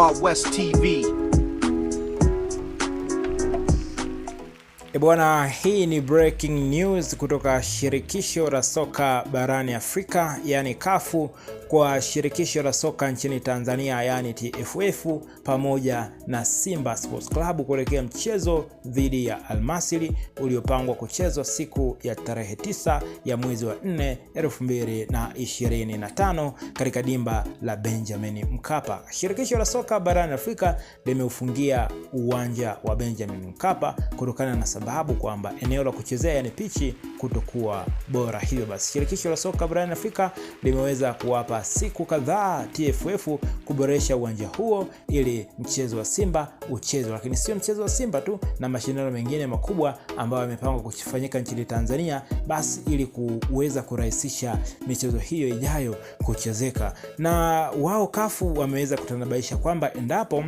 Wild West TV. Ebwana, hii ni breaking news kutoka shirikisho la soka barani Afrika, yaani kafu kwa shirikisho la soka nchini Tanzania yani TFF pamoja na Simba Sports Club kuelekea mchezo dhidi ya Almasili uliopangwa kuchezwa siku ya tarehe 9 ya mwezi wa 4 2025 katika dimba la Benjamin Mkapa. Shirikisho la soka barani Afrika limeufungia uwanja wa Benjamin Mkapa kutokana na sababu kwamba eneo la kuchezea yani pichi kutokuwa bora, hivyo basi shirikisho la soka barani Afrika limeweza kuwapa siku kadhaa TFF kuboresha uwanja huo ili mchezo wa Simba uchezwe, lakini sio mchezo wa Simba tu na mashindano mengine makubwa ambayo yamepangwa kufanyika nchini Tanzania, basi ili kuweza kurahisisha michezo hiyo ijayo kuchezeka. Na wao kafu wameweza kutanabaisha kwamba endapo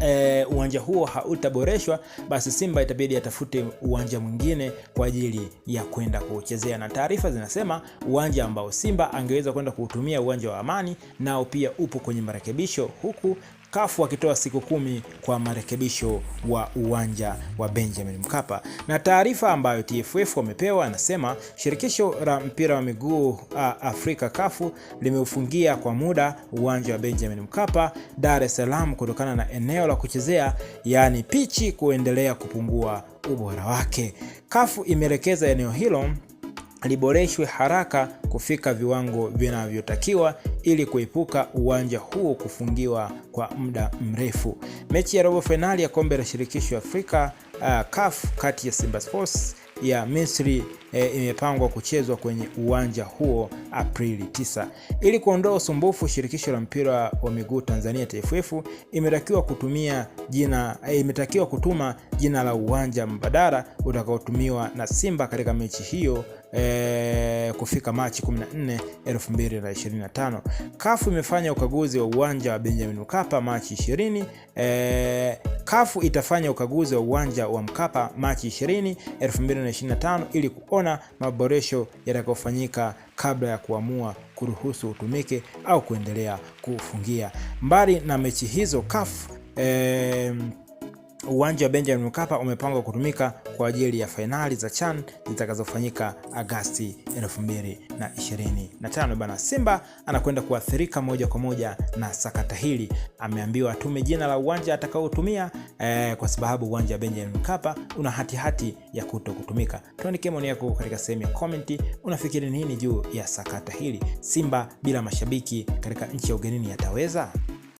e, uwanja huo hautaboreshwa, basi Simba itabidi atafute uwanja mwingine kwa ajili ya kwenda kuchezea, na taarifa zinasema uwanja ambao Simba angeweza kwenda kuutumia, uwanja wa Amani, nao pia upo kwenye marekebisho, huku kafu wakitoa siku kumi kwa marekebisho wa uwanja wa Benjamin Mkapa. Na taarifa ambayo TFF wamepewa anasema shirikisho la mpira wa miguu Afrika kafu limeufungia kwa muda uwanja wa Benjamin Mkapa Dar es Salaam kutokana na eneo la kuchezea yaani pichi kuendelea kupungua ubora wake. kafu imeelekeza eneo hilo liboreshwe haraka kufika viwango vinavyotakiwa ili kuepuka uwanja huo kufungiwa kwa muda mrefu. Mechi ya robo fainali ya kombe la shirikisho Afrika uh, CAF kati ya Simba Sports ya Misri e, imepangwa kuchezwa kwenye uwanja huo Aprili 9. Ili kuondoa usumbufu, shirikisho la mpira wa miguu Tanzania TFF imetakiwa kutumia jina e, imetakiwa kutuma jina la uwanja mbadala utakaotumiwa na Simba katika mechi hiyo e, kufika Machi 14, 2025. kafu imefanya ukaguzi wa uwanja wa Benjamin Mkapa Machi 20 e, kafu itafanya ukaguzi wa uwanja wa Mkapa Machi 20, 2025 ili kuona maboresho yatakayofanyika kabla ya kuamua kuruhusu utumike au kuendelea kufungia. Mbali na mechi hizo kafu eh, Uwanja wa Benjamin Mkapa umepangwa kutumika kwa ajili ya fainali za CHAN zitakazofanyika Agasti 2025. Bana Simba anakwenda kuathirika moja kwa moja na sakata hili. Ameambiwa atume jina la uwanja atakaotumia eh, kwa sababu uwanja wa Benjamin Mkapa una hatihati hati ya kuto kutumika. Tuandikie maoni yako katika sehemu ya komenti. Unafikiri nini juu ya sakata hili? Simba bila mashabiki katika nchi ya ugenini yataweza?